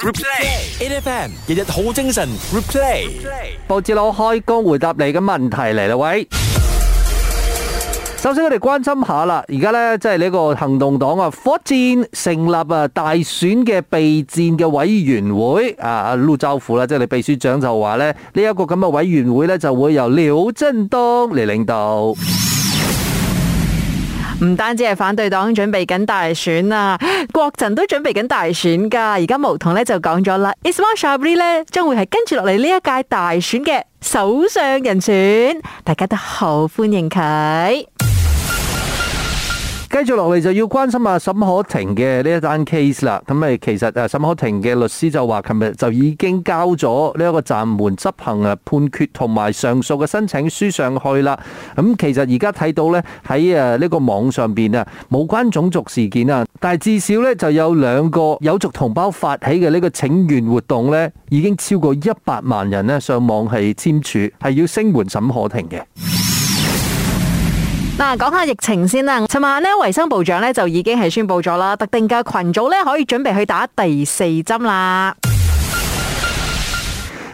Replay，A F M，日日好精神。Replay，報紙佬開工回答你嘅問題嚟啦，喂！首先我哋關心下啦，而家咧即係呢一個行動黨啊，火箭成立啊大選嘅備戰嘅委員會啊，阿陸兆福啦，即係你秘書長就話咧呢一個咁嘅委員會咧就會由廖振東嚟領導。唔單止係反對黨準備緊大選啊，國陣都準備緊大選㗎。而家毛桐呢就講咗啦，Ismail Sabri 呢，將會係跟住落嚟呢一屆大選嘅首相人選。大家都好歡迎佢。繼續落嚟就要關心下沈可婷嘅呢一單 case 啦，咁其實沈可婷嘅律師就話，琴日就已經交咗呢一個暫緩執行啊判決同埋上訴嘅申請書上去啦。咁其實而家睇到呢，喺誒呢個網上邊啊，冇關種族事件啊，但係至少呢就有兩個有族同胞發起嘅呢個請願活動呢，已經超過一百萬人呢上網去簽署，係要聲援沈可婷嘅。嗱，講下疫情先啦。尋晚呢，衛生部長呢就已經係宣布咗啦，特定嘅群組呢可以準備去打第四針啦。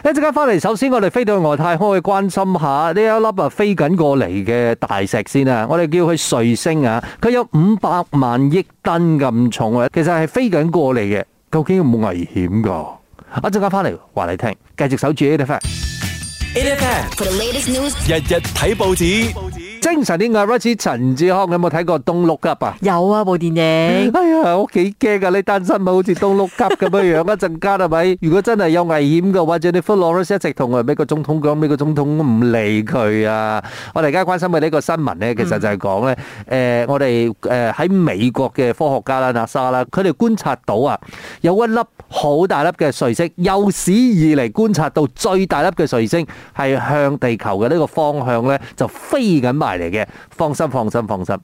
一陣間翻嚟，首先我哋飛到外太空去關心下呢一粒啊飛緊過嚟嘅大石先啊！我哋叫佢彗星啊，佢有五百萬億噸咁重啊，其實係飛緊過嚟嘅，究竟有冇危險噶？一陣間翻嚟話你聽，繼續守住 f a f a for the latest news，日日睇報紙。報紙精神啲啊，Rush！陳志康有冇睇過《東陸急 Don't Look Up》啊？有啊，部電影。哎呀，我幾驚噶，你單身咪好似《Don't Look Up》咁樣樣？一陣間係咪？如果真係有危險嘅話，就你 Jennifer Lawrence 一直同美國總統講，美國總統唔理佢啊？我哋而家關心嘅呢個新聞咧，其實就係講咧，誒，我哋誒喺美國嘅科學家啦、NASA 啦，佢哋觀察到啊，有一粒好大粒嘅彗星，有史以嚟觀察到最大粒嘅彗星，係向地球嘅呢個方向咧就飛緊嘛。嚟嘅，放心，放心，放心，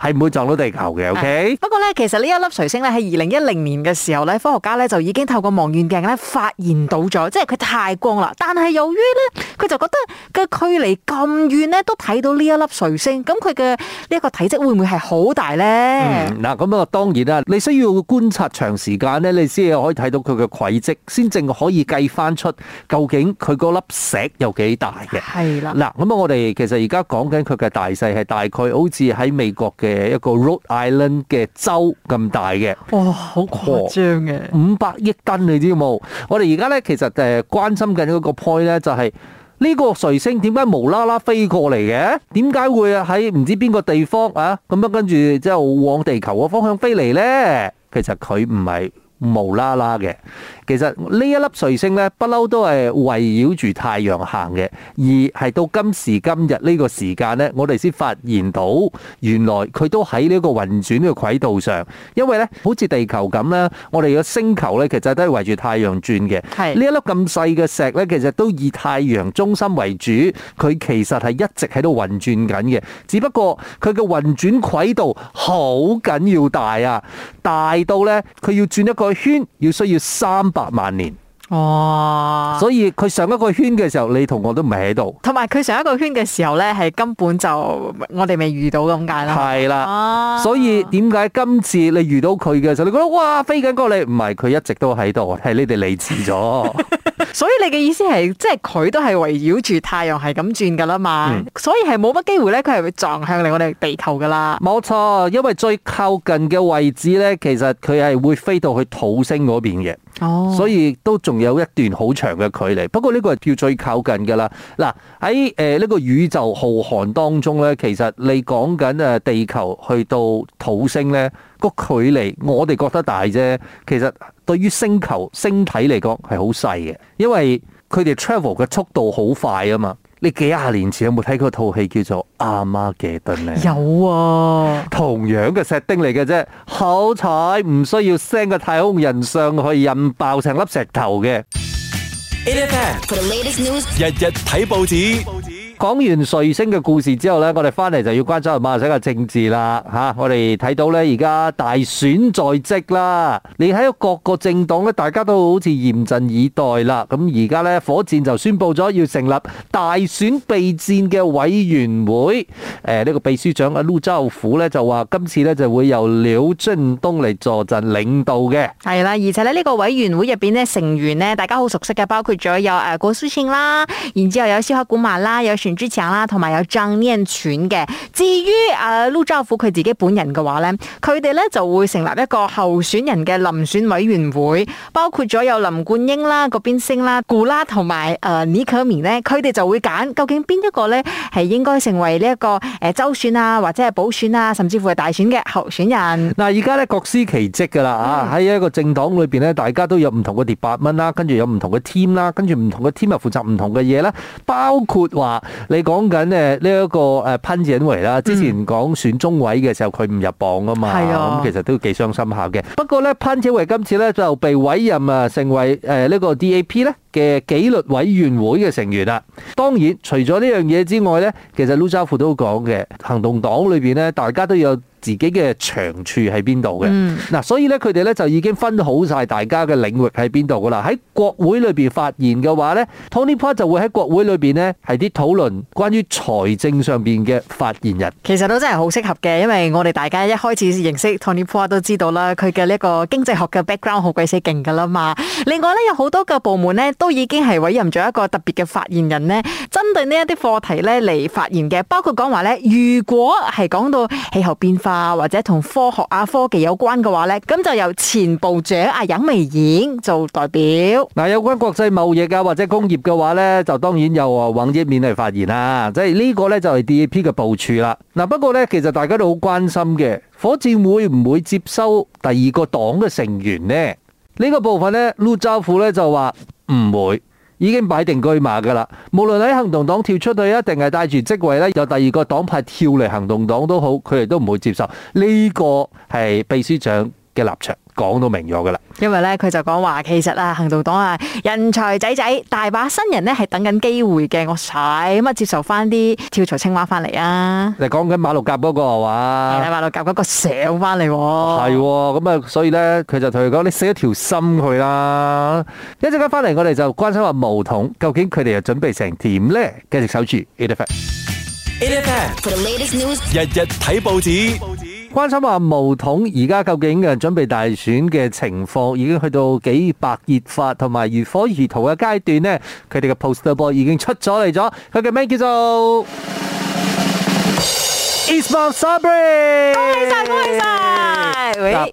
係唔會撞到地球嘅，OK。不過咧，其實呢一粒彗星咧喺二零一零年嘅時候咧，科學家咧就已經透過望遠鏡咧發現到咗，即係佢太光啦。但係由於咧，佢就覺得佢距離咁遠咧，都睇到呢一粒彗星，咁佢嘅呢一個體積會唔會係好大咧？嗱，咁啊，當然啦，你需要觀察長時間咧，你先可以睇到佢嘅軌跡，先正可以計翻出究竟佢嗰粒石有幾大嘅。係啦，嗱，咁啊，我哋其實而家講緊佢嘅。大細係大概好似喺美國嘅一個 Rhode Island 嘅州咁大嘅，哇，好誇張嘅，五百億噸你知道冇？我哋而家咧，其實誒關心緊嗰個 point 咧，就是，就係呢個彗星點解無啦啦飛過嚟嘅？點解會喺唔知邊個地方啊？咁樣跟住之後往地球嘅方向飛嚟咧？其實佢唔係無啦啦嘅。其實一呢一粒彗星咧，不嬲都係圍繞住太陽行嘅，而係到今時今日呢個時間咧，我哋先發現到原來佢都喺呢個運轉呢個軌道上，因為咧好似地球咁啦，我哋嘅星球咧其實都係圍住太陽轉嘅。係是的 呢一粒咁細嘅石咧，其實都以太陽中心為主，佢其實係一直喺度運轉緊嘅，只不過佢嘅運轉軌道好緊要大啊，大到咧佢要轉一個圈要需要三百。八萬年哇！哦、所以佢上一個圈嘅時候，你同我都唔喺度。同埋佢上一個圈嘅時候呢，係根本就我哋未遇到咁解啦。係啦了，啊、所以點解今次你遇到佢嘅時候，你覺得哇飛緊過你？唔係佢一直都喺度，係你哋離遲咗。 所以你嘅意思係，即係佢都係圍繞住太陽系咁轉噶啦嘛，嗯、所以係冇乜機會呢。佢係會撞向你我哋地球噶啦。冇錯，因為最靠近嘅位置呢，其實佢係會飛到去土星嗰邊嘅，哦、所以都仲有一段好長嘅距離。不過呢個係叫最靠近噶啦。嗱喺誒呢個宇宙浩瀚當中呢，其實你講緊誒地球去到土星呢。個距離我哋覺得大啫，其實對於星球星體嚟講係好細嘅，因為佢哋 travel 嘅速度好快啊嘛。你幾廿年前有冇睇過套戲叫做《阿媽吉頓》呢？有啊，同樣嘅石丁嚟嘅啫，好彩唔需要 send 個太空人上去引爆成粒石頭嘅。Air, news，日日睇報紙。講完瑞星嘅故事之後呢，我哋翻嚟就要關注馬來西亞嘅政治啦。吓，我哋睇到呢，而家大選在即啦。你睇各個政黨呢，大家都好似嚴陣以待啦。咁而家呢，火箭就宣布咗要成立大選備戰嘅委員會。誒、呃、呢、這個秘書長阿盧州府呢，就話今次呢就會由廖俊東嚟坐鎮領導嘅。係啦，而且呢呢個委員會入邊呢，成員呢，大家好熟悉嘅，包括咗有誒郭、呃、書千啦，然之後有蕭克古曼啦，有全。之前啦，同埋有爭呢人嘅。至於啊，陸兆福佢自己本人嘅話咧，佢哋咧就會成立一個候選人嘅遴選委員會，包括咗有林冠英啦嗰邊星啦，顧啦同埋啊倪可敏咧，佢、呃、哋就會揀究竟邊一個咧係應該成為呢、這、一個誒、呃、州選啊，或者係補選啊，甚至乎係大選嘅候選人。嗱，而家咧各司其職噶啦啊，喺、嗯、一個政黨裏邊咧，大家都有唔同嘅第八蚊啦，跟住有唔同嘅 team 啦，跟住唔同嘅 team, team 又負責唔同嘅嘢啦，包括話。你講緊呢一個誒潘展維啦，之前講選中委嘅時候佢唔入榜啊嘛，咁係、啊、其實都幾傷心下嘅。不過咧潘展維今次咧就被委任啊成為呢個 DAP 咧。嘅紀律委員會嘅成員啦，當然除咗呢樣嘢之外呢，其實盧渣富都講嘅，行動黨裏邊呢，大家都有自己嘅長處喺邊度嘅。嗱、嗯啊，所以呢，佢哋呢就已經分好晒大家嘅領域喺邊度噶啦。喺國會裏邊發言嘅話呢，Tony Pua 就會喺國會裏邊呢係啲討論關於財政上邊嘅發言人。其實都真係好適合嘅，因為我哋大家一開始認識 Tony Pua 都知道啦，佢嘅呢一個經濟學嘅 background 好鬼死勁噶啦嘛。另外呢，有好多個部門呢。都已經係委任咗一個特別嘅發言人呢，針對呢一啲課題咧嚟發言嘅，包括講話呢，如果係講到氣候變化或者同科學啊科技有關嘅話呢，咁就由前部長阿尹美燕做代表。嗱，有關國際貿易啊或者工業嘅話呢，就當然又啊尹益面嚟發言啦。即係呢個呢，就係 D A P 嘅部署啦。嗱，不過呢，其實大家都好關心嘅，火箭會唔會接收第二個黨嘅成員呢？呢、這個部分咧，陸兆福呢就話。唔會，已經擺定車馬噶啦。無論喺行動黨跳出去是帶着職，一定係帶住職位咧，有第二個黨派跳嚟行動黨都好，佢哋都唔會接受。呢、呢個係秘書長嘅立場。講到明咗噶啦，因為咧佢就講話其實啊，行動黨啊，人才仔仔大把新人咧係等緊機會嘅，我使咁啊接受翻啲跳槽青蛙翻嚟啊！你講緊馬六甲嗰個係嘛？係馬六甲嗰個上翻嚟，係咁啊！所以咧，佢就同佢講，你死咗條心去啦！一陣間翻嚟，我哋就關心話毛統究竟佢哋又準備成點咧？繼續守住 it effect，it effect for the latest news，日日睇報紙。關心話巫統而家究竟嘅準備大選嘅情況，已經去到幾白熱化同埋如火如荼嘅階段呢？佢哋嘅 poster board 已經出咗嚟咗，佢嘅名叫做 Ismail Sabri。恭喜晒，恭喜晒，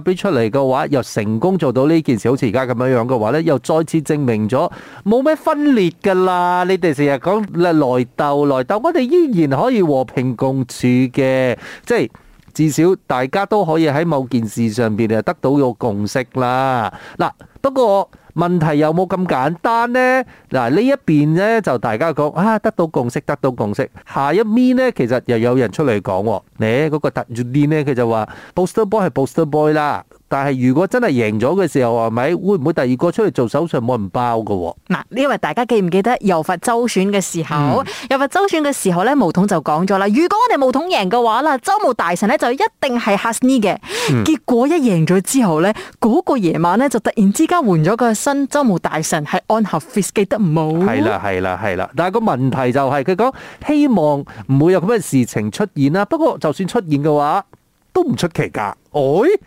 俾出嚟嘅話，又成功做到呢件事，好似而家咁樣嘅話呢又再次證明咗冇咩分裂噶啦！你哋成日講嚟內鬥、內鬥，我哋依然可以和平共處嘅，即係至少大家都可以喺某件事上邊啊得到個共識啦。嗱，不過。問題有冇咁簡單呢？嗱，呢一邊呢，就大家講啊，得到共識，得到共識。下一邊呢，其實又有人出嚟講你嗰個特約店呢，佢就話 Booster boy 係 Booster boy 啦。但係如果真係贏咗嘅時候，係咪會唔會第二個出去做手術冇人包嘅，哦？嗱，呢位大家記唔記得柔佛州選嘅時候，柔佛、嗯、州選嘅時候咧，毛統就講咗啦。如果我哋毛統贏嘅話啦，州務大臣咧就一定係哈斯尼嘅。嗯，結果一贏咗之後咧，嗰，那個夜晚咧就突然之間換咗個新州務大臣，係安合飛，記得冇？係啦係啦係啦，但係個問題就係佢講希望唔會有咁嘅事情出現啦。不過就算出現嘅話。都唔出奇噶，哎，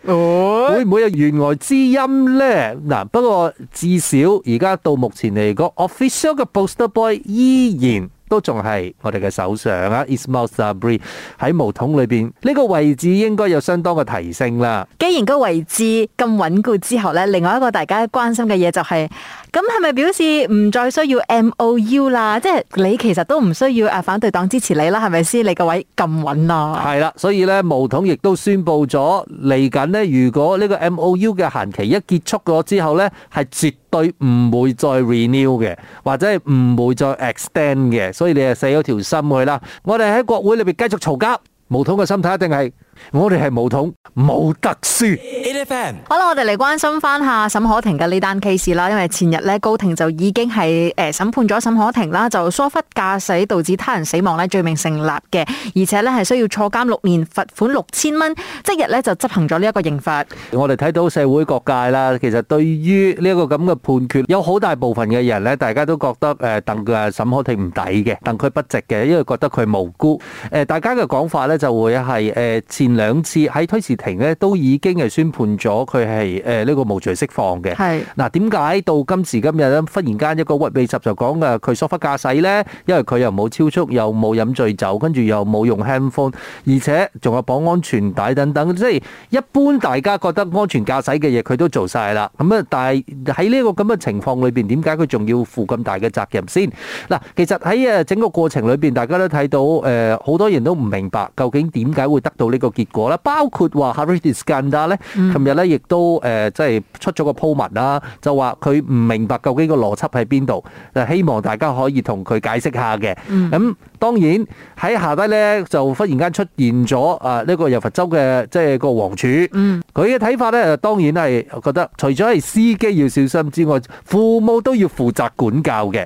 哎會唔會有弦外之音呢？嗱，不過至少而家到目前嚟講，official 嘅 poster boy 依然都仲係我哋嘅首相啊，Ismael Bree 喺毛筒裏邊呢個位置應該有相當嘅提升啦。既然個位置咁穩固之後呢，另外一個大家關心嘅嘢就係。咁係咪表示唔再需要 M O U 啦？即係你其實都唔需要啊，反對黨支持你啦，啊，係咪先？你個位咁穩咯，係啦。所以咧，毛統亦都宣布咗嚟緊咧，如果呢個 M O U 嘅限期一結束咗之後咧，係絕對唔會再 renew 嘅，或者係唔會再 extend 嘅。所以你係死咗條心去啦。我哋喺國會裏邊繼續嘈交，毛統嘅心態一定係。我哋係無桶冇得輸。好啦，我哋嚟關心翻下沈可婷嘅呢單 case 啦，因為前日咧高庭就已經係誒審判咗沈可婷啦，就疏忽駕駛導致他人死亡咧罪名成立嘅，而且咧係需要坐監六年，罰款六千蚊，即日咧就執行咗呢一個刑罰。我哋睇到社會各界啦，其實對於呢一個咁嘅判決，有好大部分嘅人咧，大家都覺得誒鄧佢沈可婷唔抵嘅，鄧佢不值嘅，因為覺得佢無辜。誒，大家嘅講法咧就會係誒前兩次喺推事庭咧，都已經係宣判咗佢係誒呢個無罪釋放嘅。係。嗱，點解到今時今日咧，忽然間一個屈美十就講嘅佢疏忽駕駛咧？因為佢又冇超速，又冇飲醉酒，跟住又冇用 handphone，而且仲有綁安全帶等等，即係一般大家覺得安全駕駛嘅嘢，佢都做曬啦。咁啊，但係喺呢個咁嘅情況裏邊，點解佢仲要負咁大嘅責任先？嗱，其實喺誒整個過程裏邊，大家都睇到誒好多人都唔明白，究竟點解會得到呢個？結果咧，包括 r 哈瑞迪斯甘達咧，琴日咧亦都誒，即係出咗個鋪文啦，就話佢唔明白究竟個邏輯喺邊度，就希望大家可以同佢解釋一下嘅。咁、嗯、當然喺下低咧就忽然間出現咗啊，呢個柔佛州嘅即係個王儲，佢嘅睇法咧當然係覺得除咗係司機要小心之外，父母都要負責管教嘅。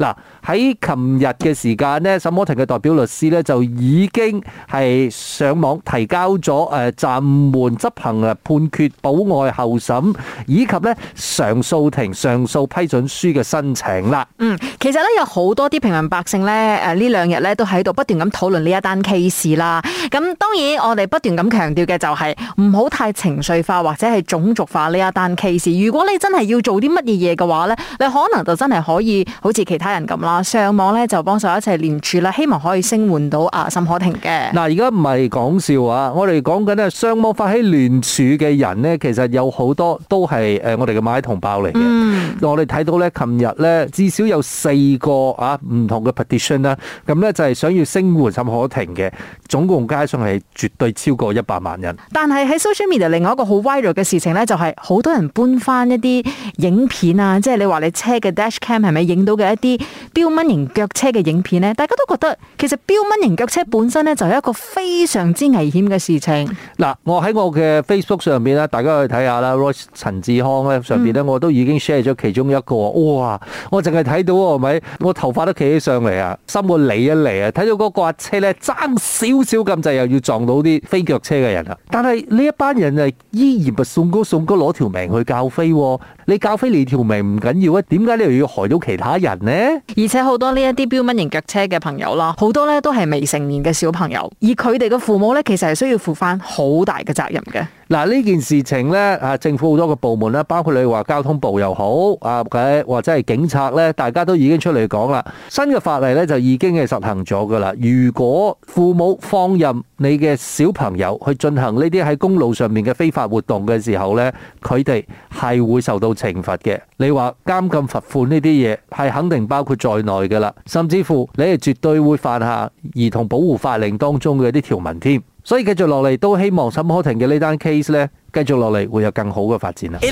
嗱喺琴日嘅時間咧，沈某婷嘅代表律師咧就已經係上網提交咗誒暫緩執行嘅判決保外候審以及咧上訴庭上訴批准書嘅申請啦。嗯，其實咧有好多啲平民百姓咧誒呢兩日咧都喺度不斷咁討論呢一單 case 啦。咁當然我哋不斷咁強調嘅就係唔好太情緒化或者係種族化呢一單 case。如果你真係要做啲乜嘢嘢嘅話咧，你可能就真係可以好似其他。人咁啦，上網咧就幫手一齊聯署啦，希望可以聲援到阿沈可婷嘅。嗱，而家唔係講笑啊！的在笑我哋講緊咧，上網發起聯署嘅人呢，其實有好多都係誒我哋嘅馬拉同胞嚟嘅。嗯、我哋睇到呢，近日呢至少有四個啊唔同嘅 petition 啦，咁呢，就係想要聲援沈可婷嘅，總共加上係絕對超過一百萬人。但係喺 social media 另外一個好 viral 嘅事情呢，就係好多人搬翻一啲影片啊，即、就、係、是、你話你車嘅 dashcam 係咪影到嘅一啲？飆蚊型腳車嘅影片呢，大家都覺得其實飆蚊型腳車本身呢，就係一個非常之危險嘅事情。嗱，我喺我嘅 Facebook 上面咧，大家去睇下啦。Royce 陳志康咧上邊呢，嗯、我都已經 share 咗其中一個。哇，我淨係睇到係咪？我頭髮都企起上嚟啊，心個理一嚟啊，睇到嗰個架車咧爭少少咁滯，又要撞到啲飛腳車嘅人啊。但係呢一班人啊，依然唔送高送高攞條命去教飛、哦。你教飛你條命唔緊要啊，點解你又要害到其他人呢？而且好多呢一啲標蚊型腳車嘅朋友啦，好多咧都係未成年嘅小朋友，而佢哋嘅父母咧，其實係需要負翻好大嘅責任嘅。嗱，呢件事情咧，啊政府好多個部門咧，包括你話交通部又好，啊佢或者係警察咧，大家都已經出嚟講啦。新嘅法例咧就已經係實行咗噶啦。如果父母放任你嘅小朋友去進行呢啲喺公路上面嘅非法活動嘅時候咧，佢哋係會受到懲罰嘅。你話監禁、罰款呢啲嘢係肯定包括在內噶啦，甚至乎你係絕對會犯下兒童保護法令當中嘅啲條文添。所以繼續落嚟都希望沈可婷嘅呢單 case 咧，繼續落嚟會有更好嘅發展啦。日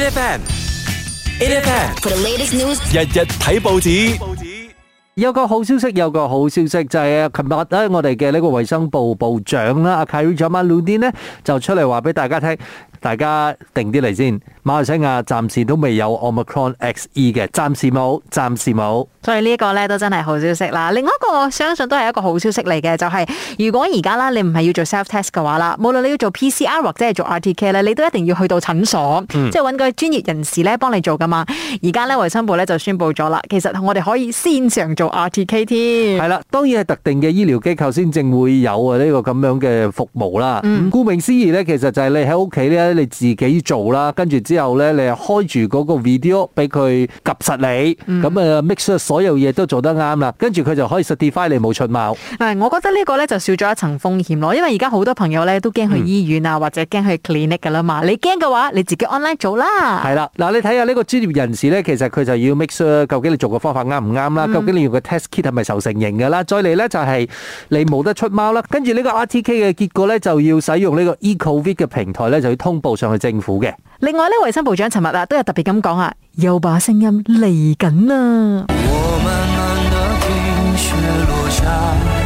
日睇報紙，報紙有個好消息，有個好消息就係啊，琴日咧我哋嘅呢個衛生部部長啦，啊 Khairy Jamaluddin 咧就出嚟話俾大家聽。大家定啲嚟先。馬來西亞暫時都未有 Omicron X E 嘅，暫時冇，暫時冇。所以個呢個咧都真係好消息啦。另外一個我相信都係一個好消息嚟嘅，就係、是、如果而家啦，你唔係要做 self test 嘅話啦，無論你要做 P C R 或者係做 R T K 咧，你都一定要去到診所，嗯、即係揾個專業人士咧幫你做噶嘛。而家咧衞生部咧就宣布咗啦，其實我哋可以線上做 R T K 添。係啦，當然係特定嘅醫療機構先正會有啊呢個咁樣嘅服務啦。顧、嗯、顧名思義咧，其實就係你喺屋企咧。咧你自己做啦，跟住之後咧，你開住嗰個 video 俾佢及實你，咁啊 mix 所有嘢都做得啱啦，跟住佢就可以 certify 你冇出貓。嗱，我覺得呢個咧就少咗一層風險咯，因為而家好多朋友咧都驚去醫院啊，或者驚去 clinic 噶啦嘛。你驚嘅話，你自己 online 做啦。係啦，嗱，你睇下呢個專業人士咧，其實佢就要 make sure 究竟你做個方法啱唔啱啦，究竟你用個 test kit 係咪受成形噶啦，再嚟咧就係你冇得出貓啦，跟住呢個 RTK 嘅結果咧就要使用呢個 Eco Vid 嘅平台咧就要通報上去政府嘅。另外咧，衛生部長尋日啊，都有特別咁講啊，又把聲音嚟緊啊。我慢慢地聽雪落下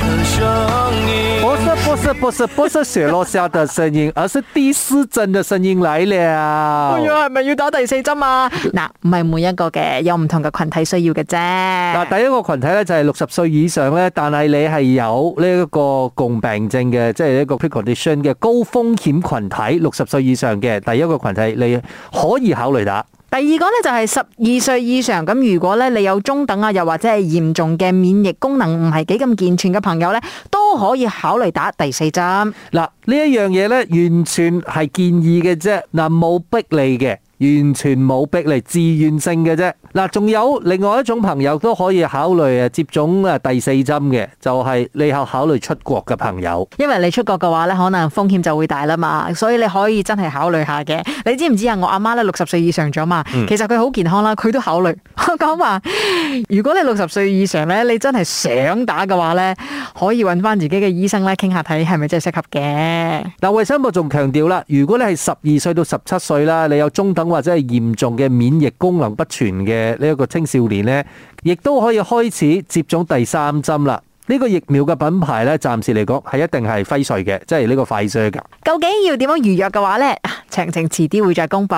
的聲音。不是不是不是雪落下的聲音，而是第四針的聲音來了。我要係咪要打第四針啊？嗱，唔係每一個嘅，有唔同嘅群體需要嘅啫。嗱，第一個群體咧就係六十歲以上咧，但係你係有呢一個共病症嘅，即係一個 precondition 的高風險群體，六十歲以上嘅第一個群體，你可以考慮打。第二個咧就係十二歲以上，咁如果咧你有中等啊，又或者係嚴重嘅免疫功能唔係幾咁健全嘅朋友咧，都。都可以考慮打第四針嗱，呢一樣嘢呢，完全係建議嘅啫，嗱冇逼你嘅，完全冇逼你，自願性嘅啫。嗱，仲有另外一種朋友都可以考慮啊接種啊第四針嘅，就係、是、你考考慮出國嘅朋友，因為你出國嘅話呢，可能風險就會大啦嘛，所以你可以真係考慮下嘅。你知唔知啊？我阿媽呢，六十歲以上咗嘛，嗯、其實佢好健康啦，佢都考慮。我講話，如果你六十歲以上呢，你真係想打嘅話呢，可以揾翻。自己嘅醫生咧傾下睇，係咪真係適合嘅？嗱，衛生部仲強調啦，如果你係十二歲到十七歲啦，你有中等或者係嚴重嘅免疫功能不全嘅呢一個青少年咧，亦都可以開始接種第三針啦。呢個疫苗嘅品牌咧，暫時嚟講係一定係輝瑞嘅，即係呢個輝瑞嘅。究竟要點樣預約嘅話咧，詳、啊、情遲啲會再公布。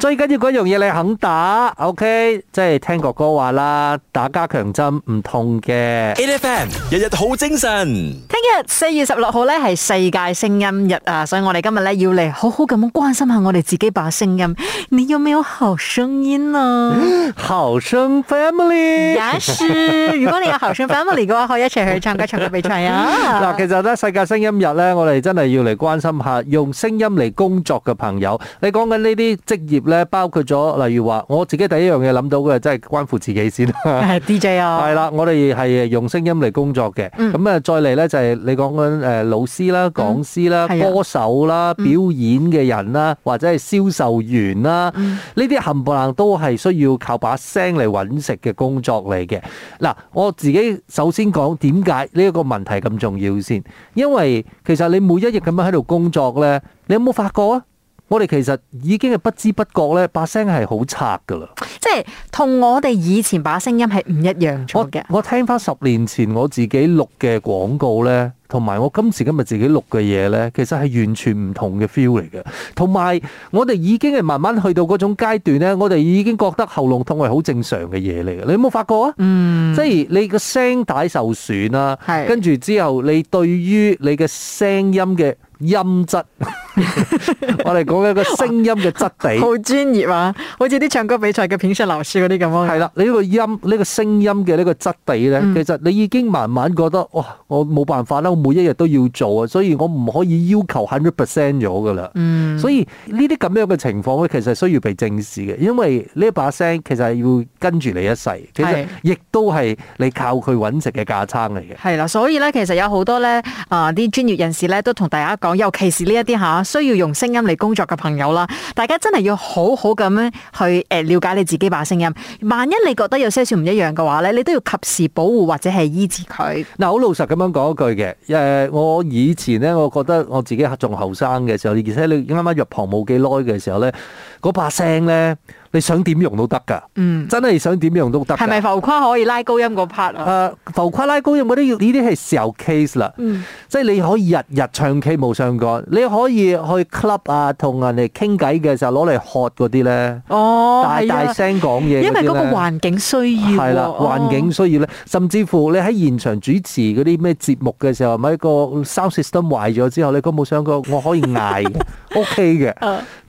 最緊要嗰樣嘢你肯打，OK，即係聽哥哥話啦，打加強針唔痛嘅。8FM 日日好精神。聽日四月十六號咧係世界聲音日啊，所以我哋今日咧要嚟好好咁樣關心下我哋自己把聲音，你有冇好聲音啊？好聲 聲 Family，也是。如果你有好聲 Family 嘅話， 可以一齊。參加場嘅比賽啊！嗱，其實咧世界聲音日咧，我哋真係要嚟關心下用聲音嚟工作嘅朋友。你講緊呢啲職業咧，包括咗例如話，我自己第一樣嘢諗到嘅，真係關乎自己先。係 DJ 啊！係啦，我哋係用聲音嚟工作嘅。咁啊，再嚟咧就係你講緊誒老師啦、講師啦、歌手啦、表演嘅人啦，或者係銷售員啦，呢啲冚唪唥都係需要靠把聲嚟揾食嘅工作嚟嘅。嗱，我自己首先講點。點解呢一個問題咁重要先？因為其實你每一日咁樣喺度工作呢，你有冇發覺啊？我哋其實已經係不知不覺呢把聲係好差㗎喇。即係同我哋以前把聲音係唔一樣咗嘅。我聽返十年前我自己錄嘅廣告呢。同埋我次今時今日自己錄嘅嘢呢，其實係完全唔同嘅 feel 嚟嘅。同埋我哋已經係慢慢去到嗰種階段呢，我哋已經覺得喉嚨痛係好正常嘅嘢嚟嘅。你有冇發覺啊？嗯，即係你個聲帶受損啦，跟住是之後你對於你嘅聲音嘅音質， 我哋講緊個聲音嘅質地， 好專業啊！好似啲唱歌比賽嘅片上老師評審老師嗰啲咁樣。係啦，你呢個音呢個聲音嘅呢個質地呢，嗯、其實你已經慢慢覺得哇，我冇辦法啦。每一日都要做啊，所以我唔可以要求 hundred percent 咗噶啦。嗯，所以呢啲咁樣嘅情況咧，其實需要被正視嘅，因為呢一把聲其實係要跟住你一世，其實亦都係你靠佢搵食嘅架撐嚟嘅。係啦，所以咧，其實有好多咧啊，啲專業人士咧都同大家講，尤其是呢一啲吓需要用聲音嚟工作嘅朋友啦，大家真係要好好咁樣去誒了解你自己把聲音。萬一你覺得有些少唔一樣嘅話咧，你都要及時保護或者係醫治佢。嗱，好老實咁樣講一句嘅。誒、呃，我以前咧，我覺得我自己仲後生嘅時候，而且你啱啱入行冇幾耐嘅時候咧，嗰把聲咧。你想點用都得㗎，嗯、真係想點用都得。係咪浮誇可以拉高音嗰 part 啊？浮誇拉高音嗰啲，呢啲係小 case 啦。嗯，即係你可以日日唱 K 冇上過。你可以去 club 啊，同人哋傾偈嘅時候攞嚟喝嗰啲咧。哦，大大聲講嘢、哦。因為嗰個環境需要。係啦、哦，環境需要咧，甚至乎你喺現場主持嗰啲咩節目嘅時候，咪、哦、個 sound system 壞咗之後，你都冇上過，我可以嗌，OK 嘅。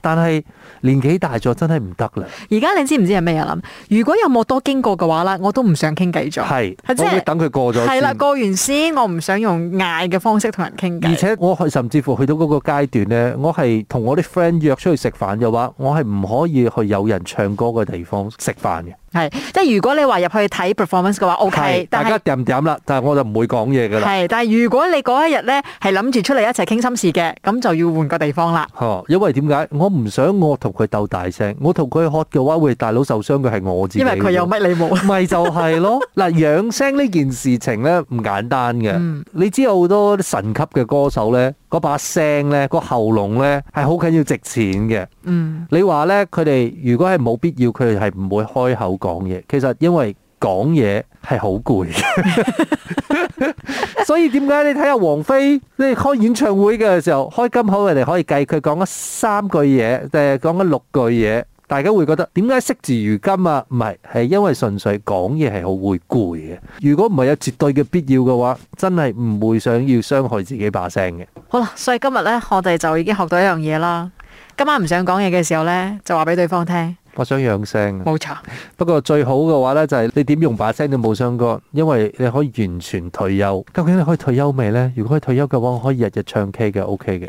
但係年紀大咗，真係唔得啦。而家你知唔知係咩啊？諗如果有冇多經過嘅話呢，我都唔想傾偈咗。係是，即係是等佢過咗。係啦，過完先，我唔想用嗌嘅方式同人傾偈。而且我去甚至乎去到嗰個階段咧，我係同我啲 friend 約出去食飯嘅話，我係唔可以去有人唱歌嘅地方食飯嘅。係，即係如果你話入去睇 performance 嘅話，OK。大家掂掂啦，但係我就唔會講嘢噶啦。係，但係如果你嗰一日咧係諗住出嚟一齊傾心事嘅，咁就要換個地方啦。吓，因為點解？我唔想我同佢鬥大聲，我同佢喝嘅話，會大佬受傷嘅係我自己。因為佢有乜你冇？咪就係咯。嗱，養聲呢件事情咧唔簡單嘅。你知有好多神級嘅歌手咧。嗰把聲咧，個喉嚨咧係好緊要、值錢嘅。嗯，你話咧，佢哋如果係冇必要，佢哋係唔會開口講嘢。其實因為講嘢係好攰， 所以點解你睇下王菲，你哋開演唱會嘅時候開金口，佢哋可以計佢講咗三句嘢定係講咗六句嘢。大家會覺得點解惜字如金啊？唔係，係因為純粹講嘢係好會攰嘅。如果唔係有絕對嘅必要嘅話，真係唔會想要傷害自己把聲嘅。好啦，所以今日呢，我哋就已經學到一樣嘢啦。今晚唔想講嘢嘅時候呢，就話俾對方聽，我想養聲。冇錯錯。不過最好嘅話呢，就係你點用把聲都冇傷過，因為你可以完全退休。究竟你可以退休未呢？如果可以退休嘅話，我可以日日唱 K 嘅 OK 嘅。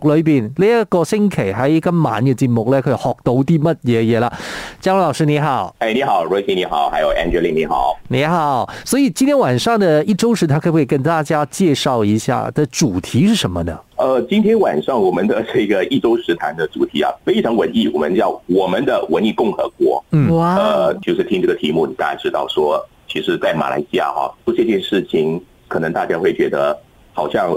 裏邊呢一個星期喺今晚嘅節目佢學到啲乜嘢嘢啦？張老師你好，hey, 你好 Ricky 你好，還有 Angelina 你好，你好。所以今天晚上的一周時談可不可以跟大家介紹一下的主題是什麼呢？呃、今天晚上我們的這個一周時談的主題啊，非常文藝，我們叫我們的文藝共和國。嗯，哇、呃，就是聽這個題目，你大家知道說，其實，在馬來西亞哈做這件事情，可能大家會覺得好像。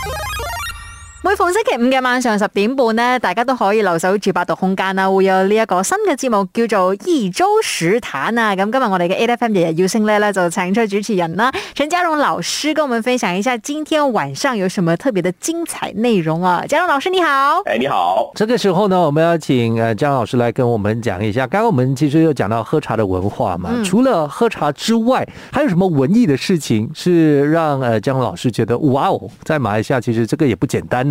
每逢星期五嘅晚上十點半呢，大家都可以留守住百度空間啊，會有呢一個新嘅節目叫做《易周時談》啊。咁今日我哋嘅 A F M 嘅《u s i n l a t t e 就請出主持人啦，陳嘉榮老師跟我們分享一下，今天晚上有什麼特別的精彩內容啊？嘉榮老師你好，誒、hey, 你好。這個時候呢，我們要請誒江老師來跟我們講一下。剛剛我們其實又講到喝茶的文化嘛，嗯、除了喝茶之外，還有什麼文藝的事情是讓誒江老師覺得哇哦？在馬來西亞其實這個也不簡單的。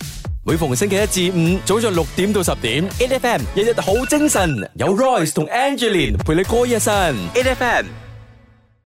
每逢星期一至五，早上六點到十點，A F M 日日好精神，有 Royce 同 Angelin 陪你過一晨，A F M。